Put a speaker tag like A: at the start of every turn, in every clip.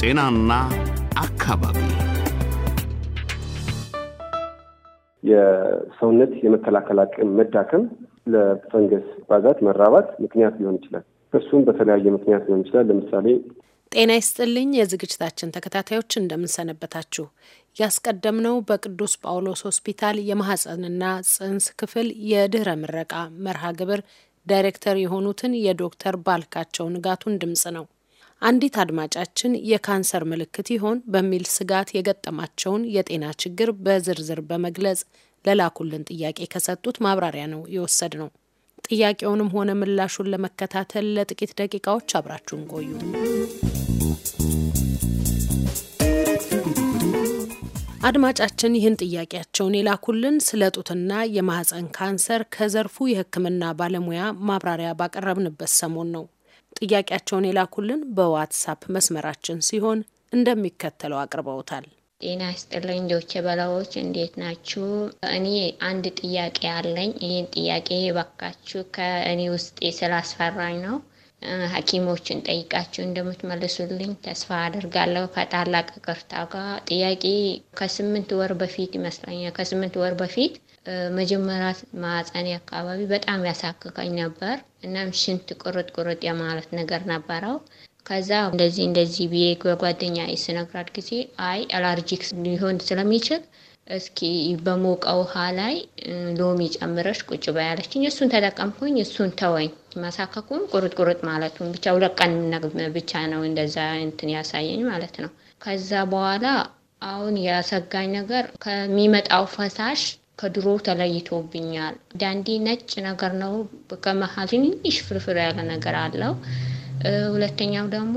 A: ጤናና አካባቢ የሰውነት የመከላከል አቅም መዳከም ለፈንገስ ባዛት መራባት ምክንያት ሊሆን ይችላል። እርሱም በተለያየ ምክንያት ሊሆን ይችላል። ለምሳሌ
B: ጤና ይስጥልኝ የዝግጅታችን ተከታታዮች እንደምንሰነበታችሁ። ያስቀደምነው በቅዱስ ጳውሎስ ሆስፒታል የማህፀንና ጽንስ ክፍል የድህረ ምረቃ መርሃ ግብር ዳይሬክተር የሆኑትን የዶክተር ባልካቸው ንጋቱን ድምጽ ነው። አንዲት አድማጫችን የካንሰር ምልክት ይሆን በሚል ስጋት የገጠማቸውን የጤና ችግር በዝርዝር በመግለጽ ለላኩልን ጥያቄ ከሰጡት ማብራሪያ ነው የወሰድ ነው። ጥያቄውንም ሆነ ምላሹን ለመከታተል ለጥቂት ደቂቃዎች አብራችሁን ቆዩ። አድማጫችን ይህን ጥያቄያቸውን የላኩልን ስለ ጡትና የማህፀን ካንሰር ከዘርፉ የሕክምና ባለሙያ ማብራሪያ ባቀረብንበት ሰሞን ነው። ጥያቄያቸውን የላኩልን በዋትሳፕ መስመራችን ሲሆን እንደሚከተለው አቅርበውታል።
C: ጤና ይስጥልኝ ዶቼ በላዎች እንዴት ናችሁ? እኔ አንድ ጥያቄ አለኝ። ይህን ጥያቄ ባካችሁ ከእኔ ውስጤ ስላስፈራኝ ነው። ሐኪሞችን ጠይቃችሁ እንደምትመልሱልኝ ተስፋ አድርጋለሁ። ከታላቅ ቅርታ ጋር ጥያቄ ከስምንት ወር በፊት ይመስለኛል ከስምንት ወር በፊት መጀመሪያ ማህፀኔ አካባቢ በጣም ያሳክከኝ ነበር። እናም ሽንት ቁርጥ ቁርጥ የማለት ነገር ነበረው። ከዛ እንደዚህ እንደዚህ ብዬ ጓደኛ ስነግራት ጊዜ አይ አላርጂክስ ሊሆን ስለሚችል እስኪ በሞቀ ውሃ ላይ ሎሚ ጨምረሽ ቁጭ በያለችኝ። እሱን ተጠቀምኩኝ። እሱን ተወኝ ማሳከኩም ቁርጥ ቁርጥ ማለቱን ብቻ ሁለት ቀን ብቻ ነው እንደዛ እንትን ያሳየኝ ማለት ነው። ከዛ በኋላ አሁን ያሰጋኝ ነገር ከሚመጣው ፈሳሽ ከድሮ ተለይቶብኛል። ዳንዲ ነጭ ነገር ነው፣ ከመሀል ትንሽ ፍርፍር ያለ ነገር አለው። ሁለተኛው ደግሞ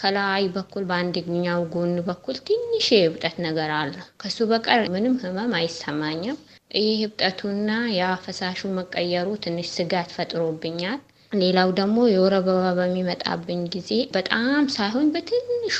C: ከላይ በኩል በአንደኛው ጎን በኩል ትንሽ የህብጠት ነገር አለ። ከሱ በቀር ምንም ህመም አይሰማኝም። ይህ እብጠቱና የፈሳሹ መቀየሩ ትንሽ ስጋት ፈጥሮብኛል። ሌላው ደግሞ የወር አበባ በሚመጣብኝ ጊዜ በጣም ሳይሆን በትንሹ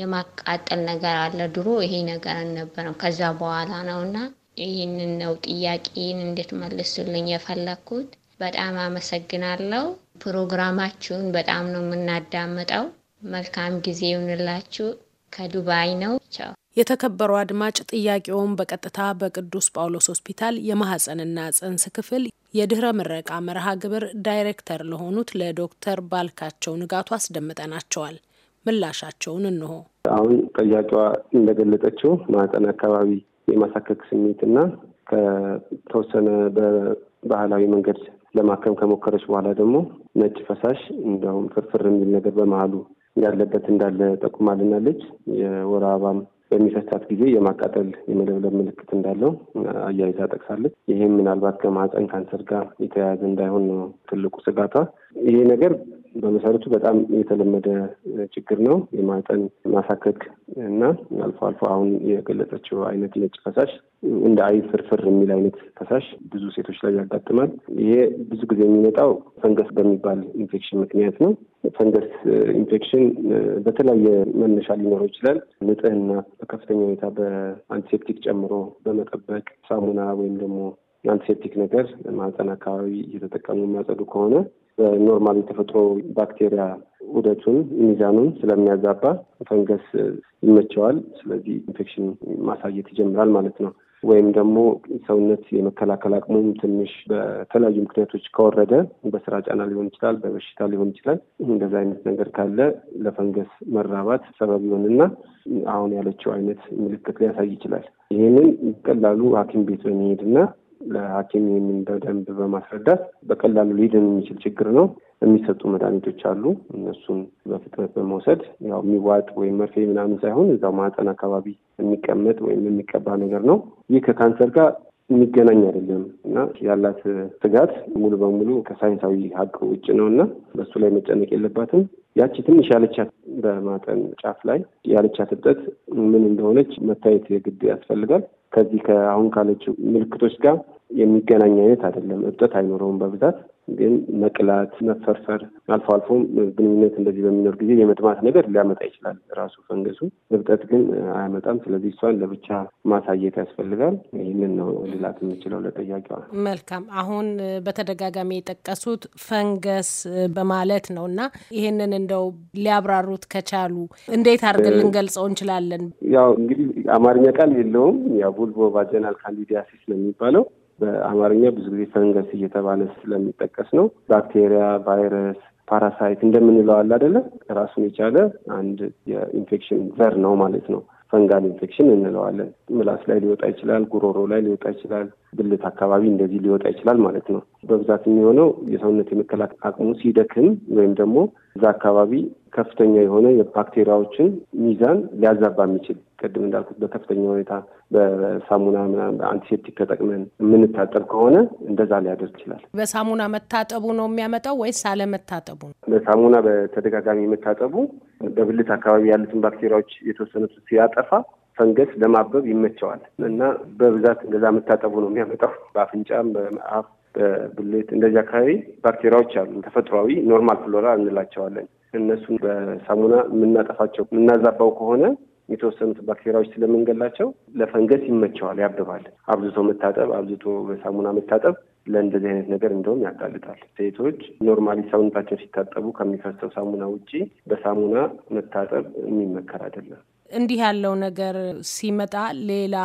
C: የማቃጠል ነገር አለ። ድሮ ይሄ ነገር አልነበረም። ከዛ በኋላ ነውና ይህንን ነው ጥያቄን እንድትመልሱልኝ የፈለግኩት። በጣም አመሰግናለሁ። ፕሮግራማችሁን በጣም ነው የምናዳምጠው። መልካም ጊዜ ይሁንላችሁ። ከዱባይ ነው። ቻው። የተከበሩ አድማጭ ጥያቄውን በቀጥታ በቅዱስ ጳውሎስ
B: ሆስፒታል የማህፀንና ጽንስ ክፍል የድህረ ምረቃ መርሃ ግብር ዳይሬክተር ለሆኑት ለዶክተር ባልካቸው ንጋቱ አስደምጠናቸዋል። ምላሻቸውን እንሆ። አሁን
A: ጥያቄዋ እንደገለጠችው ማህፀን አካባቢ የማሳከክ ስሜትና ከተወሰነ በባህላዊ መንገድ ለማከም ከሞከረች በኋላ ደግሞ ነጭ ፈሳሽ እንዲሁም ፍርፍር የሚል ነገር በመሀሉ እንዳለበት እንዳለ ጠቁማልናለች። የወር አበባም በሚፈሳት ጊዜ የማቃጠል የመለብለብ ምልክት እንዳለው አያይዛ ጠቅሳለች። ይህም ምናልባት ከማህፀን ካንሰር ጋር የተያያዘ እንዳይሆን ነው ትልቁ ስጋቷ። ይሄ ነገር በመሰረቱ በጣም የተለመደ ችግር ነው። የማጠን ማሳከክ እና አልፎ አልፎ አሁን የገለጸችው አይነት ነጭ ፈሳሽ እንደ አይብ ፍርፍር የሚል አይነት ፈሳሽ ብዙ ሴቶች ላይ ያጋጥማል። ይሄ ብዙ ጊዜ የሚመጣው ፈንገስ በሚባል ኢንፌክሽን ምክንያት ነው። ፈንገስ ኢንፌክሽን በተለያየ መነሻ ሊኖረው ይችላል። ንጽህና በከፍተኛ ሁኔታ በአንቲሴፕቲክ ጨምሮ በመጠበቅ ሳሙና ወይም ደግሞ አንቲሴፕቲክ ነገር ማህፀን አካባቢ እየተጠቀሙ የሚያጸዱ ከሆነ በኖርማል የተፈጥሮ ባክቴሪያ ውደቱን ሚዛኑን ስለሚያዛባ ፈንገስ ይመቸዋል። ስለዚህ ኢንፌክሽን ማሳየት ይጀምራል ማለት ነው። ወይም ደግሞ ሰውነት የመከላከል አቅሙም ትንሽ በተለያዩ ምክንያቶች ከወረደ በስራ ጫና ሊሆን ይችላል፣ በበሽታ ሊሆን ይችላል። እንደዚ አይነት ነገር ካለ ለፈንገስ መራባት ሰበብ ይሆንና አሁን ያለችው አይነት ምልክት ሊያሳይ ይችላል። ይህንን ቀላሉ ሐኪም ቤት በመሄድና ለሐኪም ይህንን በደንብ በማስረዳት በቀላሉ ሊድን የሚችል ችግር ነው። የሚሰጡ መድኃኒቶች አሉ። እነሱን በፍጥነት በመውሰድ ያው የሚዋጥ ወይም መርፌ ምናምን ሳይሆን እዛው ማህፀን አካባቢ የሚቀመጥ ወይም የሚቀባ ነገር ነው። ይህ ከካንሰር ጋር የሚገናኝ አይደለም እና ያላት ስጋት ሙሉ በሙሉ ከሳይንሳዊ ሀቅ ውጭ ነው እና በሱ ላይ መጨነቅ የለባትም። ያቺ ትንሽ ያለቻት በማጠን ጫፍ ላይ ያለቻት እብጠት ምን እንደሆነች መታየት የግድ ያስፈልጋል። ከዚህ ከአሁን ካለችው ምልክቶች ጋር የሚገናኝ አይነት አይደለም። እብጠት አይኖረውም። በብዛት ግን መቅላት፣ መፈርፈር፣ አልፎ አልፎም ግንኙነት እንደዚህ በሚኖር ጊዜ የመድማት ነገር ሊያመጣ ይችላል ራሱ ፈንገሱ። እብጠት ግን አያመጣም። ስለዚህ እሷን ለብቻ ማሳየት ያስፈልጋል። ይህንን ነው ልላት የምችለው ለጠያቂዋ።
B: መልካም። አሁን በተደጋጋሚ የጠቀሱት ፈንገስ በማለት ነው እና ይህንን እንደው ሊያብራሩት ከቻሉ እንዴት አድርገን ልንገልጸው እንችላለን?
A: ያው እንግዲህ አማርኛ ቃል የለውም ያው ቡልቦ ቫጀናል ካንዲዲያሲስ ነው የሚባለው። በአማርኛ ብዙ ጊዜ ፈንገስ እየተባለ ስለሚጠቀስ ነው። ባክቴሪያ፣ ቫይረስ፣ ፓራሳይት እንደምንለው አለ አይደለም። ራሱን የቻለ አንድ የኢንፌክሽን ዘር ነው ማለት ነው። ፈንጋል ኢንፌክሽን እንለዋለን። ምላስ ላይ ሊወጣ ይችላል፣ ጉሮሮ ላይ ሊወጣ ይችላል፣ ብልት አካባቢ እንደዚህ ሊወጣ ይችላል ማለት ነው። በብዛት የሚሆነው የሰውነት የመከላከል አቅሙ ሲደክም ወይም ደግሞ እዛ አካባቢ ከፍተኛ የሆነ የባክቴሪያዎችን ሚዛን ሊያዛባ የሚችል ቅድም እንዳልኩት በከፍተኛ ሁኔታ በሳሙና ምናምን ተጠቅመን የምንታጠብ ከሆነ እንደዛ ሊያደርግ ይችላል።
B: በሳሙና መታጠቡ ነው የሚያመጣው ወይስ አለመታጠቡ?
A: በሳሙና በተደጋጋሚ መታጠቡ በብልት አካባቢ ያሉትን ባክቴሪያዎች የተወሰኑት ሲያጠፋ ፈንገስ ለማበብ ይመቸዋል እና በብዛት እንደዛ መታጠቡ ነው የሚያመጣው። በአፍንጫም፣ በአፍ፣ በብልት እንደዚህ አካባቢ ባክቴሪያዎች አሉ። ተፈጥሯዊ ኖርማል ፍሎራ እንላቸዋለን። እነሱን በሳሙና የምናጠፋቸው የምናዛባው ከሆነ የተወሰኑት ባክቴሪያዎች ስለምንገላቸው ለፈንገስ ይመቸዋል፣ ያብባል። አብዝቶ መታጠብ፣ አብዝቶ በሳሙና መታጠብ ለእንደዚህ አይነት ነገር እንደውም ያጋልጣል። ሴቶች ኖርማሊ ሰውነታቸው ሲታጠቡ ከሚፈሰው ሳሙና ውጪ በሳሙና መታጠብ የሚመከር አይደለም።
B: እንዲህ ያለው ነገር ሲመጣ ሌላ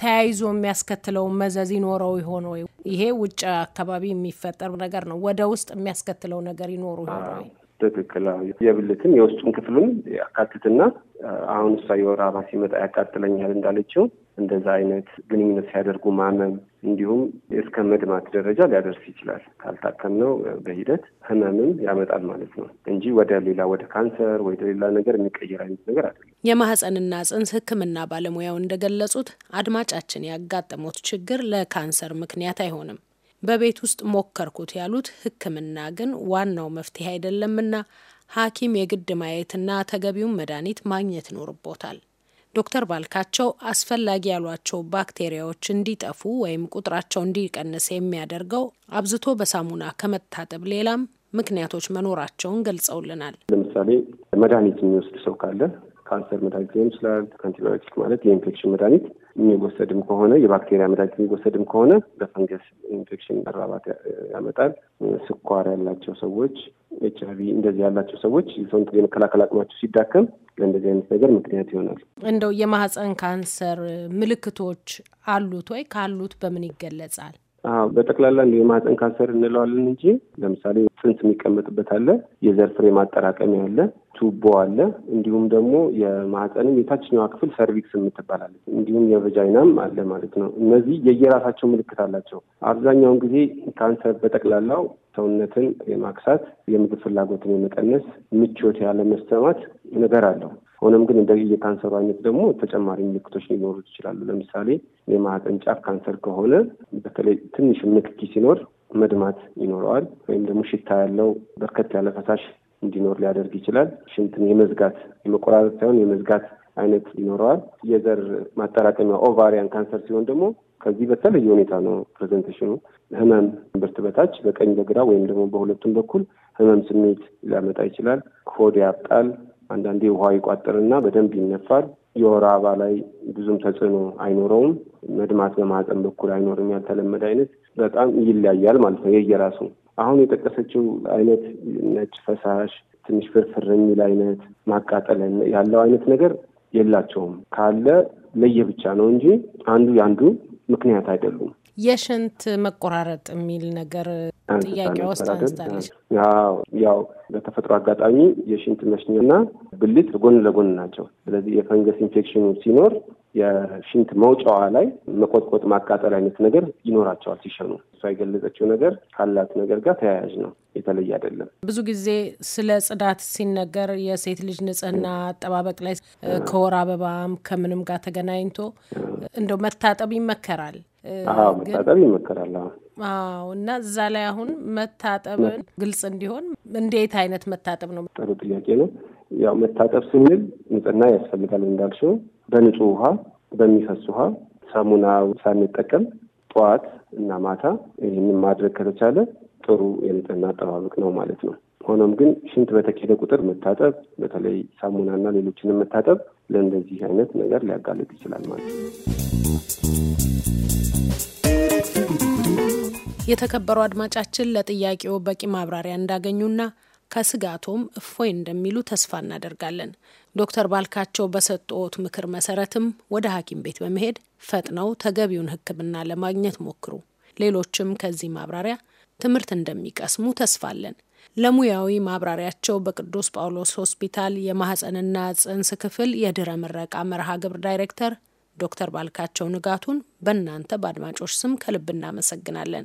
B: ተያይዞ የሚያስከትለው መዘዝ ይኖረው ይሆን ወይ? ይሄ ውጭ አካባቢ የሚፈጠር ነገር ነው። ወደ ውስጥ የሚያስከትለው ነገር ይኖሩ ይሆን ወይ?
A: ትክክል። የብልትም የውስጡን ክፍሉን ያካትትና አሁን እሷ የወር አበባ ሲመጣ ያቃጥለኛል እንዳለችው እንደዛ አይነት ግንኙነት ሲያደርጉ ማመም እንዲሁም እስከ መድማት ደረጃ ሊያደርስ ይችላል። ካልታከምነው በሂደት ህመምም ያመጣል ማለት ነው እንጂ ወደ ሌላ ወደ ካንሰር ወደ ሌላ ነገር የሚቀየር አይነት ነገር አይደለም።
B: የማህፀንና ጽንስ ሕክምና ባለሙያው እንደገለጹት አድማጫችን ያጋጠሙት ችግር ለካንሰር ምክንያት አይሆንም። በቤት ውስጥ ሞከርኩት ያሉት ሕክምና ግን ዋናው መፍትሄ አይደለምና ሐኪም የግድ ማየትና ተገቢውን መድኃኒት ማግኘት ይኖርቦታል። ዶክተር ባልካቸው አስፈላጊ ያሏቸው ባክቴሪያዎች እንዲጠፉ ወይም ቁጥራቸው እንዲቀንስ የሚያደርገው አብዝቶ በሳሙና ከመታጠብ ሌላም ምክንያቶች መኖራቸውን ገልጸውልናል።
A: ለምሳሌ መድኃኒት የሚወስድ ሰው ካለ ካንሰር መድኃኒት ሊሆን ይችላል። አንቲባዮቲክ ማለት የኢንፌክሽን መድኃኒት የሚወሰድም ከሆነ የባክቴሪያ መድኃኒት የሚወሰድም ከሆነ በፈንገስ ኢንፌክሽን መራባት ያመጣል። ስኳር ያላቸው ሰዎች፣ ኤች አይቪ እንደዚህ ያላቸው ሰዎች ሰውነት የመከላከል አቅማቸው ሲዳከም ለእንደዚህ አይነት ነገር ምክንያት ይሆናል።
B: እንደው የማህፀን ካንሰር ምልክቶች አሉት ወይ? ካሉት በምን ይገለጻል?
A: በጠቅላላ እንዲ የማህፀን ካንሰር እንለዋለን እንጂ ለምሳሌ ጽንስ የሚቀመጥበት አለ፣ የዘር ፍሬ ማጠራቀሚያ አለ፣ ቱቦ አለ፣ እንዲሁም ደግሞ የማህፀንም የታችኛዋ ክፍል ሰርቪክስ የምትባላለች እንዲሁም የቨጃይናም አለ ማለት ነው። እነዚህ የየራሳቸው ምልክት አላቸው። አብዛኛውን ጊዜ ካንሰር በጠቅላላው ሰውነትን የማክሳት፣ የምግብ ፍላጎትን የመቀነስ፣ ምቾት ያለመሰማት ነገር አለው። ሆነም ግን እንደዚህ የካንሰሩ አይነት ደግሞ ተጨማሪ ምልክቶች ሊኖሩት ይችላሉ። ለምሳሌ የማህፀን ጫፍ ካንሰር ከሆነ በተለይ ትንሽ ንክኪ ሲኖር መድማት ይኖረዋል። ወይም ደግሞ ሽታ ያለው በርከት ያለ ፈሳሽ እንዲኖር ሊያደርግ ይችላል። ሽንትን የመዝጋት የመቆራረጥ ሳይሆን የመዝጋት አይነት ይኖረዋል። የዘር ማጠራቀሚያ ኦቫሪያን ካንሰር ሲሆን ደግሞ ከዚህ በተለየ ሁኔታ ነው ፕሬዘንቴሽኑ። ህመም እምብርት በታች በቀኝ በግራ ወይም ደግሞ በሁለቱም በኩል ህመም ስሜት ሊያመጣ ይችላል። ሆድ ያብጣል፣ አንዳንዴ ውሃ ይቋጥርና በደንብ ይነፋል። የወር አበባ ላይ ብዙም ተጽዕኖ አይኖረውም። መድማት በማህፀን በኩል አይኖርም። ያልተለመደ አይነት በጣም ይለያያል ማለት ነው የየራሱ አሁን የጠቀሰችው አይነት ነጭ ፈሳሽ ትንሽ ፍርፍር የሚል አይነት ማቃጠል ያለው አይነት ነገር የላቸውም። ካለ ለየብቻ ነው እንጂ አንዱ የአንዱ ምክንያት አይደሉም።
B: የሽንት መቆራረጥ የሚል ነገር ጥያቄ ውስጥ አንስታለች።
A: ያው በተፈጥሮ አጋጣሚ የሽንት መሽኛና ብልት ጎን ለጎን ናቸው። ስለዚህ የፈንገስ ኢንፌክሽኑ ሲኖር የሽንት መውጫዋ ላይ መቆጥቆጥ፣ ማቃጠል አይነት ነገር ይኖራቸዋል ሲሸኑ። እሷ የገለጸችው ነገር ካላት ነገር ጋር ተያያዥ ነው፣ የተለየ አይደለም።
B: ብዙ ጊዜ ስለ ጽዳት ሲነገር የሴት ልጅ ንጽህና አጠባበቅ ላይ ከወር አበባም ከምንም ጋር ተገናኝቶ እንደው መታጠብ ይመከራል። መታጠብ ይመከራል። አዎ እና እዛ ላይ አሁን መታጠብን ግልጽ እንዲሆን እንዴት አይነት መታጠብ ነው?
A: ጥሩ ጥያቄ ነው። ያው መታጠብ ስንል ንጽህና ያስፈልጋል እንዳልሽው፣ በንጹህ ውሃ፣ በሚፈስ ውሃ ሳሙና ሳንጠቀም ጠዋት እና ማታ ይህንን ማድረግ ከተቻለ ጥሩ የንጽህና አጠባበቅ ነው ማለት ነው። ሆኖም ግን ሽንት በተኬደ ቁጥር መታጠብ፣ በተለይ ሳሙናና ሌሎችንም መታጠብ ለእንደዚህ አይነት ነገር ሊያጋልጥ ይችላል ማለት
B: ነው። የተከበሩ አድማጫችን ለጥያቄው በቂ ማብራሪያ እንዳገኙና ከስጋቶም እፎይ እንደሚሉ ተስፋ እናደርጋለን። ዶክተር ባልካቸው በሰጡት ምክር መሰረትም ወደ ሐኪም ቤት በመሄድ ፈጥነው ተገቢውን ሕክምና ለማግኘት ሞክሩ። ሌሎችም ከዚህ ማብራሪያ ትምህርት እንደሚቀስሙ ተስፋለን። ለሙያዊ ማብራሪያቸው በቅዱስ ጳውሎስ ሆስፒታል የማህፀንና ጽንስ ክፍል የድረ ምረቃ መርሃ ግብር ዳይሬክተር ዶክተር ባልካቸው ንጋቱን በእናንተ በአድማጮች ስም ከልብ እናመሰግናለን።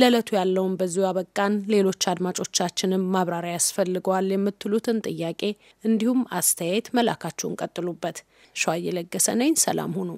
B: ለዕለቱ ያለውን በዚሁ አበቃን። ሌሎች አድማጮቻችንም ማብራሪያ ያስፈልገዋል የምትሉትን ጥያቄ እንዲሁም አስተያየት መላካችሁን ቀጥሉበት። ሸዋዬ ለገሰ ነኝ። ሰላም ሁኑ።